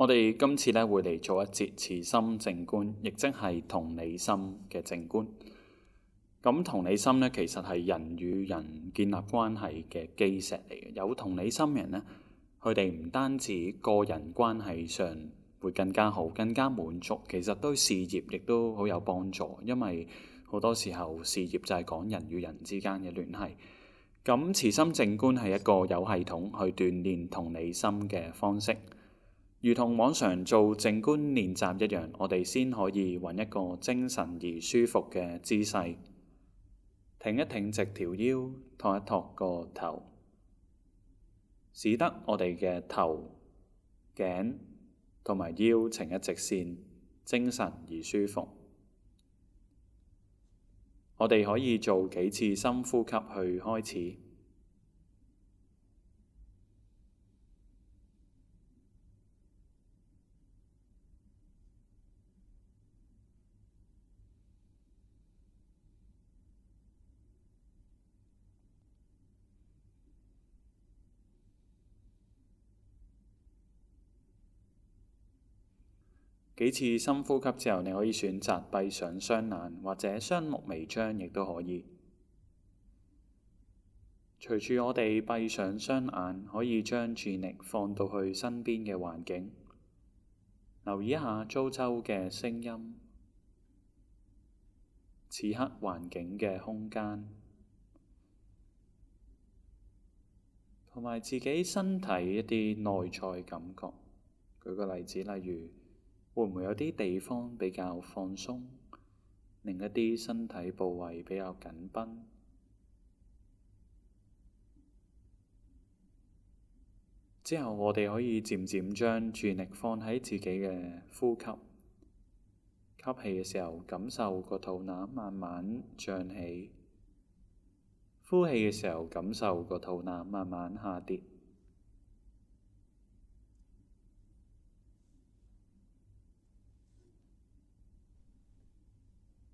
我哋今次咧會嚟做一節慈心靜觀，亦即係同理心嘅靜觀。咁同理心咧，其實係人與人建立關係嘅基石嚟嘅。有同理心人咧，佢哋唔單止個人關係上會更加好、更加滿足，其實對事業亦都好有幫助，因為好多時候事業就係講人與人之間嘅聯繫。咁慈心靜觀係一個有系統去鍛煉同理心嘅方式。如同往常做靜觀練習一樣，我哋先可以揾一個精神而舒服嘅姿勢，挺一挺直條腰，托一托個頭，使得我哋嘅頭頸同埋腰呈一直線，精神而舒服。我哋可以做幾次深呼吸去開始。幾次深呼吸之後，你可以選擇閉上雙眼，或者雙目微張，亦都可以。隨住我哋閉上雙眼，可以將注意力放到去身邊嘅環境，留意一下周遭嘅聲音、此刻環境嘅空間，同埋自己身體一啲內在感覺。舉個例子，例如。會唔會有啲地方比較放鬆，另一啲身體部位比較緊繃？之後，我哋可以漸漸將注意力放喺自己嘅呼吸，吸氣嘅時候感受個肚腩慢慢脹起，呼氣嘅時候感受個肚腩慢慢下跌。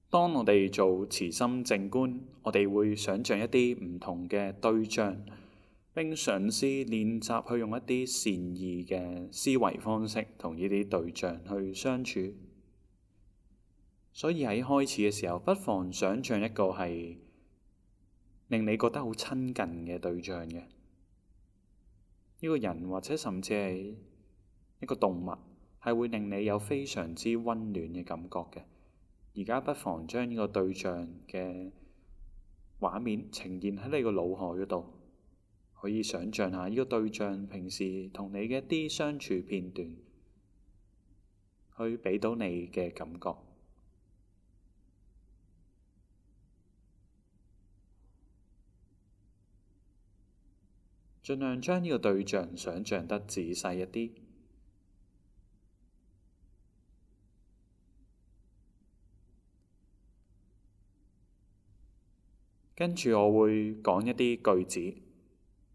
當我哋做慈心靜觀，我哋會想像一啲唔同嘅對象，並嘗試練習去用一啲善意嘅思維方式同呢啲對象去相處。所以喺開始嘅時候，不妨想像一個係令你覺得好親近嘅對象嘅，一個人或者甚至係一個動物，係會令你有非常之溫暖嘅感覺嘅。而家不妨將呢個對象嘅畫面呈現喺你個腦海嗰度，可以想像下呢個對象平時同你嘅一啲相處片段，去俾到你嘅感覺，盡量將呢個對象想像得仔細一啲。跟住我會講一啲句子，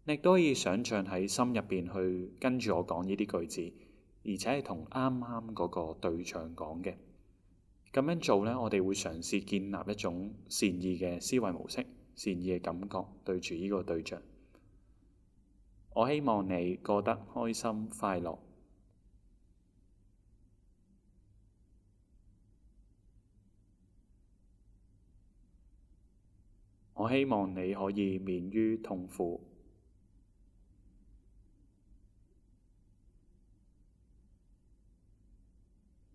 你都可以想像喺心入邊去跟住我講呢啲句子，而且係同啱啱嗰個對象講嘅。咁樣做呢，我哋會嘗試建立一種善意嘅思維模式、善意嘅感覺，對住呢個對象。我希望你過得開心快樂。我希望你可以免於痛苦。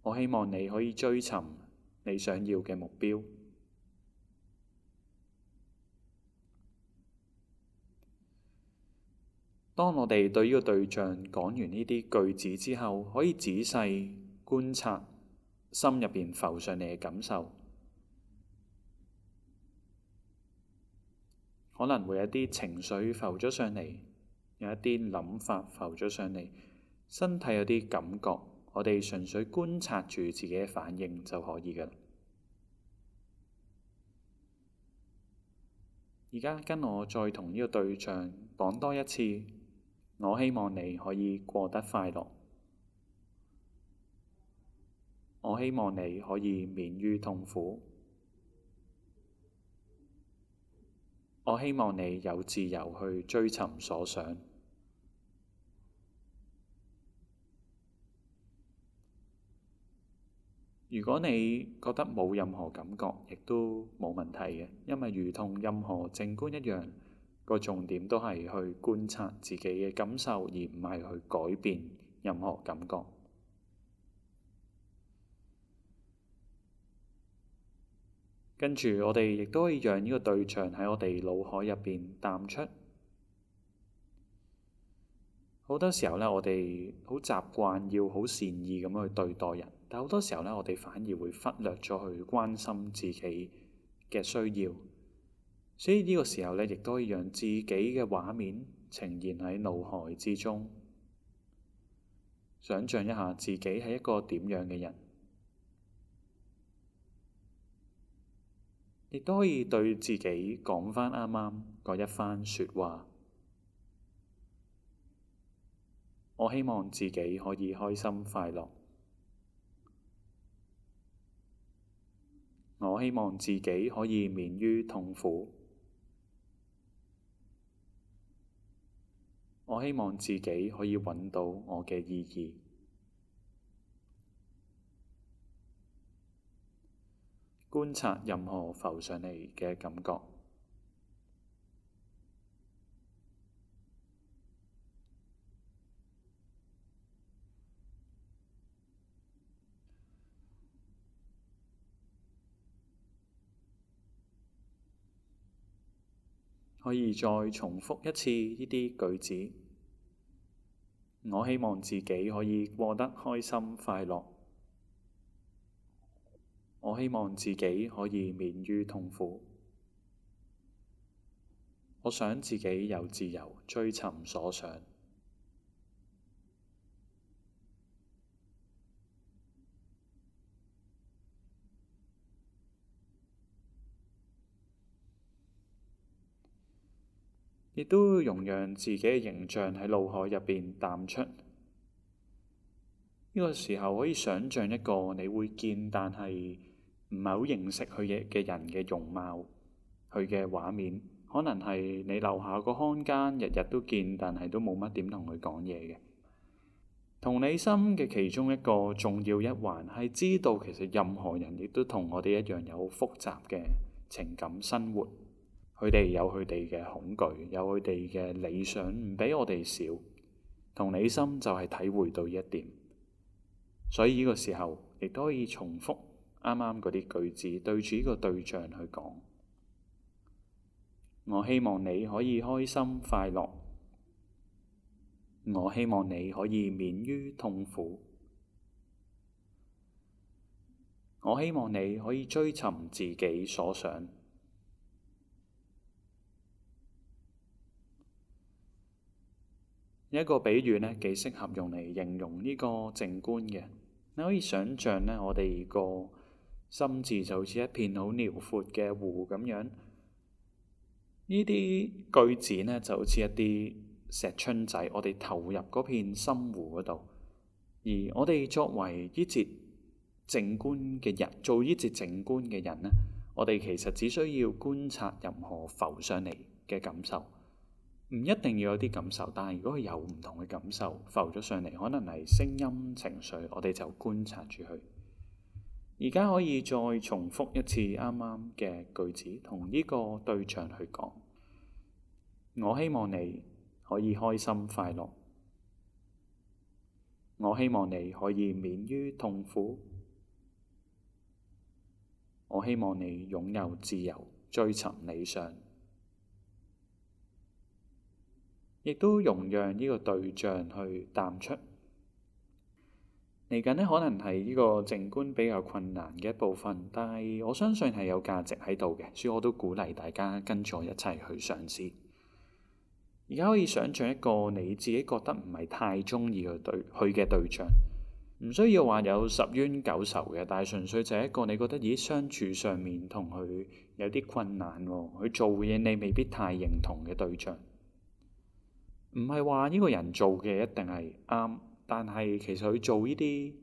我希望你可以追尋你想要嘅目標。當我哋對呢個對象講完呢啲句子之後，可以仔細觀察心入面浮上嚟嘅感受。可能會有一啲情緒浮咗上嚟，有一啲諗法浮咗上嚟，身體有啲感覺，我哋純粹觀察住自己嘅反應就可以㗎啦。而家跟我再同呢個對象講多一次，我希望你可以過得快樂，我希望你可以免於痛苦。我希望你有自由去追尋所想。如果你覺得冇任何感覺，亦都冇問題嘅，因為如同任何靜觀一樣，個重點都係去觀察自己嘅感受，而唔係去改變任何感覺。跟住我哋亦都可以讓呢個對象喺我哋腦海入邊淡出。好多時候呢，我哋好習慣要好善意咁樣去對待人，但好多時候呢，我哋反而會忽略咗去關心自己嘅需要。所以呢個時候呢，亦都可以讓自己嘅畫面呈現喺腦海之中，想像一下自己係一個點樣嘅人。亦都可以對自己講返啱啱嗰一番說話。我希望自己可以開心快樂。我希望自己可以免於痛苦。我希望自己可以揾到我嘅意義。觀察任何浮上嚟嘅感覺，可以再重複一次呢啲句子。我希望自己可以過得開心快樂。我希望自己可以免於痛苦，我想自己有自由追尋所想，亦都會容讓自己嘅形象喺腦海入邊淡出。呢個時候可以想像一個你會見，但係唔係好認識佢嘅人嘅容貌，佢嘅畫面可能係你樓下個看更日日都見，但係都冇乜點同佢講嘢嘅。同理心嘅其中一個重要一環係知道其實任何人亦都同我哋一樣有複雜嘅情感生活，佢哋有佢哋嘅恐懼，有佢哋嘅理想，唔比我哋少。同理心就係體會到一點。所以呢個時候亦都可以重複啱啱嗰啲句子，對住呢個對象去講。我希望你可以開心快樂。我希望你可以免於痛苦。我希望你可以追尋自己所想。一個比喻呢，幾適合用嚟形容呢個靜觀嘅。你可以想像呢，我哋個心智就好似一片好遼闊嘅湖咁樣。呢啲句子呢，就好似一啲石春仔，我哋投入嗰片心湖嗰度。而我哋作為呢節靜觀嘅人，做呢節靜觀嘅人呢，我哋其實只需要觀察任何浮上嚟嘅感受。唔一定要有啲感受，但係如果佢有唔同嘅感受浮咗上嚟，可能係聲音、情緒，我哋就觀察住佢。而家可以再重複一次啱啱嘅句子，同呢個對象去講。我希望你可以開心快樂。我希望你可以免於痛苦。我希望你擁有自由，追尋理想。亦都容讓呢個對象去淡出。嚟緊呢，可能係呢個靜觀比較困難嘅一部分，但係我相信係有價值喺度嘅，所以我都鼓勵大家跟住我一齊去嘗試。而家可以想像一個你自己覺得唔係太中意嘅對佢嘅對象，唔需要話有十冤九仇嘅，但係純粹就係一個你覺得咦，相處上面同佢有啲困難喎，佢做嘢你未必太認同嘅對象。唔係話呢個人做嘅一定係啱，但係其實佢做呢啲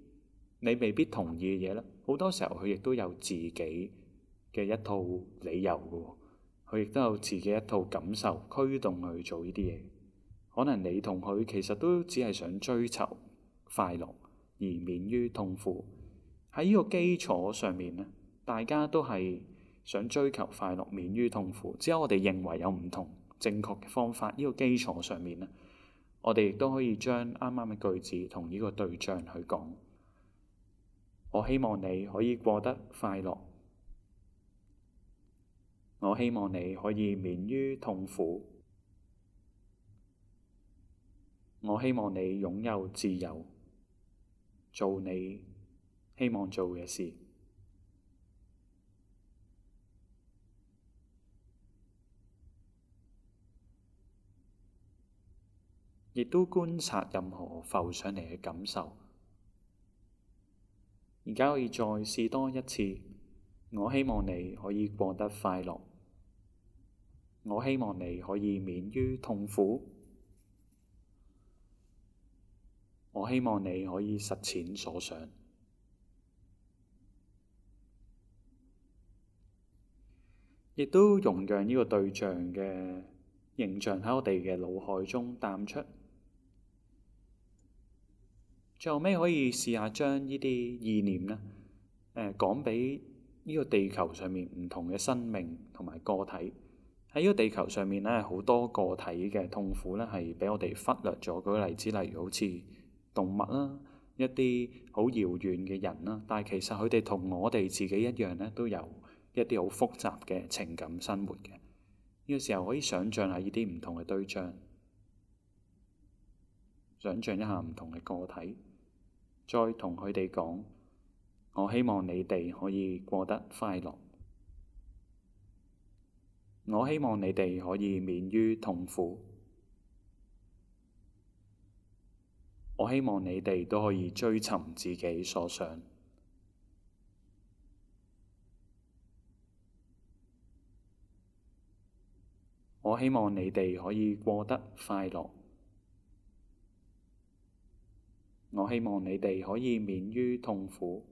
你未必同意嘅嘢咧。好多時候佢亦都有自己嘅一套理由嘅，佢亦都有自己一套感受驅動佢去做呢啲嘢。可能你同佢其實都只係想追求快樂而免於痛苦。喺呢個基礎上面咧，大家都係想追求快樂免於痛苦，只有我哋認為有唔同。正確嘅方法，呢個基礎上面咧，我哋亦都可以將啱啱嘅句子同呢個對象去講。我希望你可以過得快樂。我希望你可以免於痛苦。我希望你擁有自由，做你希望做嘅事。亦都觀察任何浮上嚟嘅感受，而家可以再試多一次。我希望你可以過得快樂，我希望你可以免於痛苦，我希望你可以實踐所想，亦都容讓呢個對象嘅形象喺我哋嘅腦海中淡出。最後尾可以試下將呢啲意念咧，誒講俾呢個地球上面唔同嘅生命同埋個體，喺呢個地球上面咧，好多個體嘅痛苦咧係俾我哋忽略咗。舉個例子，例如好似動物啦，一啲好遙遠嘅人啦，但係其實佢哋同我哋自己一樣咧，都有一啲好複雜嘅情感生活嘅。呢個時候可以想像下呢啲唔同嘅對象。想像一下唔同嘅個體，再同佢哋講：我希望你哋可以過得快樂，我希望你哋可以免於痛苦，我希望你哋都可以追尋自己所想，我希望你哋可以過得快樂。我希望你哋可以免於痛苦，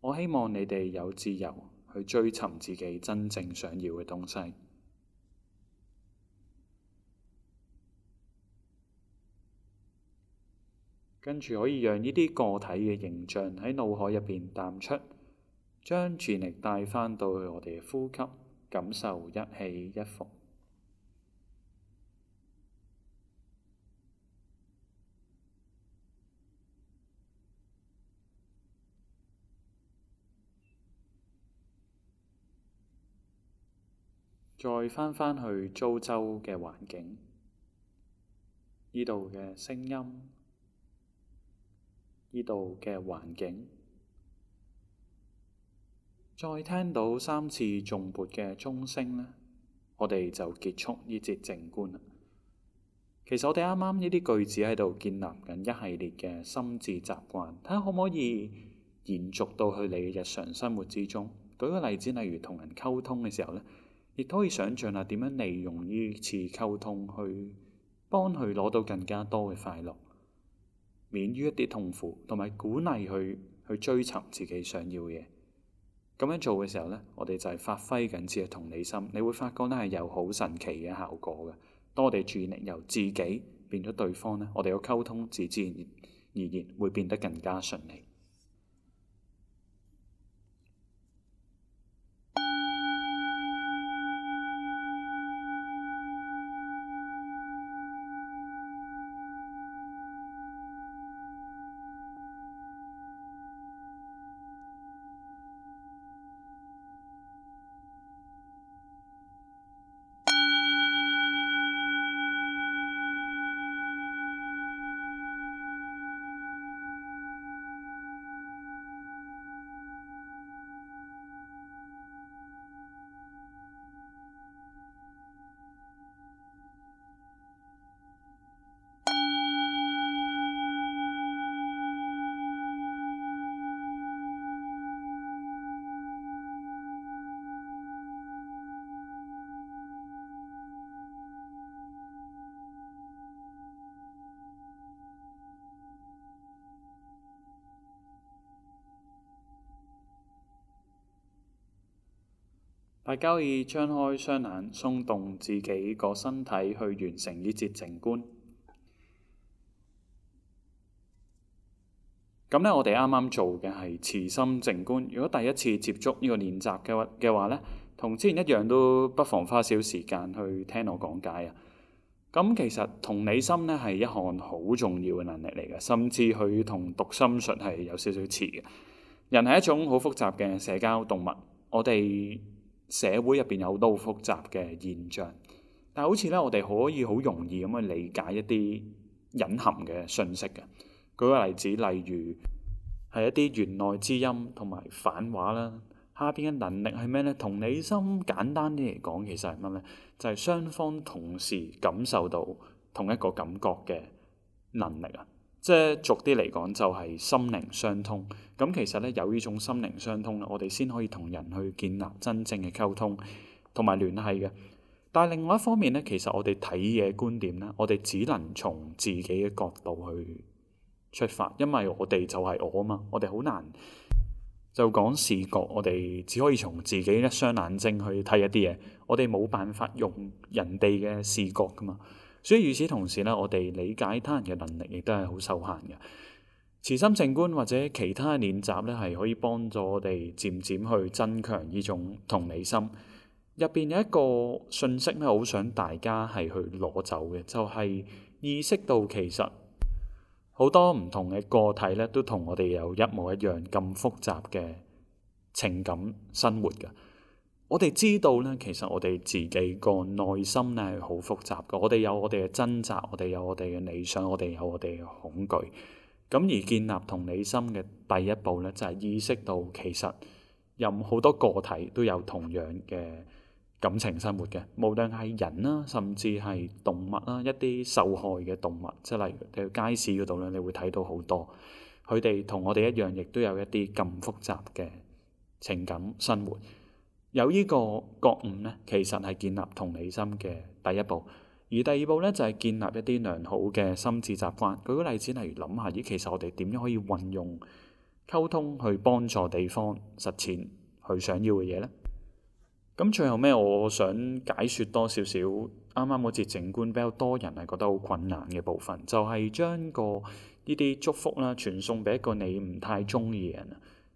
我希望你哋有自由去追尋自己真正想要嘅東西，跟住可以讓呢啲個體嘅形象喺腦海入邊淡出，將注意力帶返到去我哋嘅呼吸，感受一氣一伏。再返返去租州州嘅環境，呢度嘅聲音，呢度嘅環境，再聽到三次重撥嘅鐘聲呢，我哋就結束呢節靜觀啦。其實我哋啱啱呢啲句子喺度建立緊一系列嘅心智習慣，睇下可唔可以延續到去你嘅日常生活之中。舉個例子，例如同人溝通嘅時候呢。亦都可以想像啦，點樣利用呢次溝通去幫佢攞到更加多嘅快樂，免於一啲痛苦，同埋鼓勵佢去追尋自己想要嘅嘢。咁樣做嘅時候呢，我哋就係發揮緊自己嘅同理心，你會發覺呢係有好神奇嘅效果嘅。當我哋注意力由自己變咗對方呢，我哋嘅溝通自自然然會變得更加順利。大家可以張開雙眼，鬆動自己個身體去完成呢節靜觀。咁呢，我哋啱啱做嘅係慈心靜觀。如果第一次接觸呢個練習嘅話呢，同之前一樣，都不妨花少少時間去聽我講解啊。咁其實同理心呢係一項好重要嘅能力嚟嘅，甚至佢同讀心術係有少少似嘅。人係一種好複雜嘅社交動物，我哋。社會入邊有好多很複雜嘅現象，但好似咧，我哋可以好容易咁去理解一啲隱含嘅信息嘅。舉個例子，例如係一啲弦外之音同埋反話啦。下邊嘅能力係咩咧？同理心簡單啲嚟講，其實係乜咧？就係、係、雙方同時感受到同一個感覺嘅能力啊！即係俗啲嚟講，就係心靈相通。咁其實咧，有呢種心靈相通咧，我哋先可以同人去建立真正嘅溝通同埋聯繫嘅。但係另外一方面咧，其實我哋睇嘢觀點咧，我哋只能從自己嘅角度去出發，因為我哋就係我啊嘛。我哋好難就講視覺，我哋只可以從自己一雙眼睛去睇一啲嘢。我哋冇辦法用人哋嘅視覺㗎嘛。所以，與此同時咧，我哋理解他人嘅能力亦都係好受限嘅。慈心靜觀或者其他練習咧，係可以幫助我哋漸漸去增強呢種同理心。入邊有一個訊息咧，好想大家係去攞走嘅，就係意識到其實好多唔同嘅個體咧，都同我哋有一模一樣咁複雜嘅情感生活㗎。我哋知道咧，其實我哋自己個內心咧係好複雜嘅。我哋有我哋嘅掙扎，我哋有我哋嘅理想，我哋有我哋嘅恐懼。咁而建立同理心嘅第一步咧，就係意識到其實任何個體都有同樣嘅感情生活嘅，無論係人啦，甚至係動物啦，一啲受害嘅動物，即係例如街市嗰度咧，你會睇到好多佢哋同我哋一樣，亦都有一啲咁複雜嘅情感生活。有呢個覺悟呢，其實係建立同理心嘅第一步。而第二步呢，就係、是、建立一啲良好嘅心智習慣。舉個例子，例如諗下咦，其實我哋點樣可以運用溝通去幫助對方實踐佢想要嘅嘢呢？咁最後咩，我想解説多少少啱啱嗰節靜觀比較多人係覺得好困難嘅部分，就係、是、將個呢啲祝福啦傳送俾一個你唔太中意嘅人。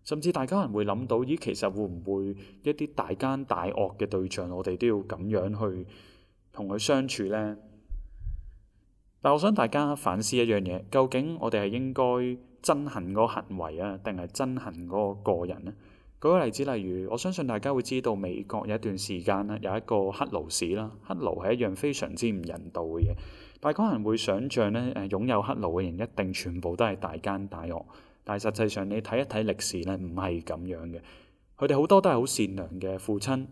甚至大家可能會諗到，咦，其實會唔會一啲大奸大惡嘅對象，我哋都要咁樣去同佢相處呢？但我想大家反思一樣嘢，究竟我哋係應該憎恨嗰個行為啊，定係憎恨嗰個個人呢？舉個例子，例如我相信大家會知道美國有一段時間啦，有一個黑奴史啦，黑奴係一樣非常之唔人道嘅嘢，但係可能會想像呢，誒擁有黑奴嘅人一定全部都係大奸大惡。但係實際上，你睇一睇歷史咧，唔係咁樣嘅。佢哋好多都係好善良嘅父親、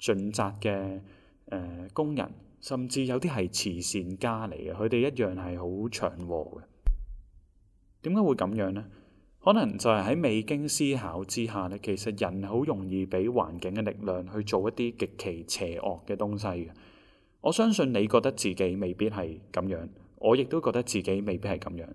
盡責嘅誒、呃、工人，甚至有啲係慈善家嚟嘅。佢哋一樣係好祥和嘅。點解會咁樣咧？可能就係喺未經思考之下咧，其實人好容易俾環境嘅力量去做一啲極其邪惡嘅東西嘅。我相信你覺得自己未必係咁樣，我亦都覺得自己未必係咁樣。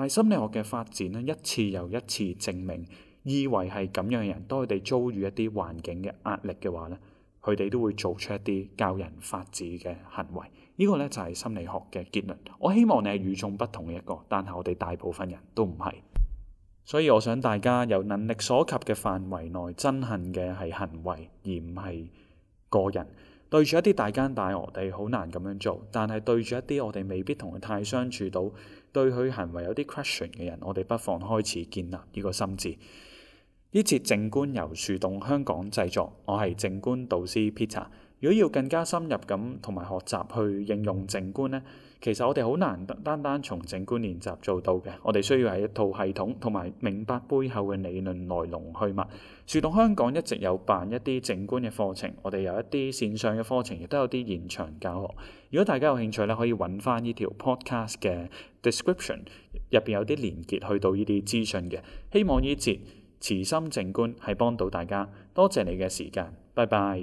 但係心理學嘅發展咧，一次又一次證明，以為係咁樣嘅人，當佢哋遭遇一啲環境嘅壓力嘅話呢，佢哋都會做出一啲教人發指嘅行為。呢個呢就係心理學嘅結論。我希望你係與眾不同嘅一個，但係我哋大部分人都唔係。所以我想大家由能力所及嘅範圍內，憎恨嘅係行為，而唔係個人。對住一啲大奸大惡，我哋好難咁樣做。但係對住一啲我哋未必同佢太相處到，對佢行為有啲 question 嘅人，我哋不妨開始建立呢個心智。呢節靜觀由樹洞香港製作，我係靜觀導師 Peter。如果要更加深入咁同埋學習去應用靜觀呢，其實我哋好難單單從靜觀練習做到嘅。我哋需要係一套系統，同埋明白背後嘅理論來龍去脈。樹洞香港一直有辦一啲靜觀嘅課程，我哋有一啲線上嘅課程，亦都有啲現場教學。如果大家有興趣咧，可以揾翻呢條 podcast 嘅。description 入邊有啲連結去到呢啲資訊嘅，希望呢節慈心靜觀係幫到大家。多謝你嘅時間，拜拜。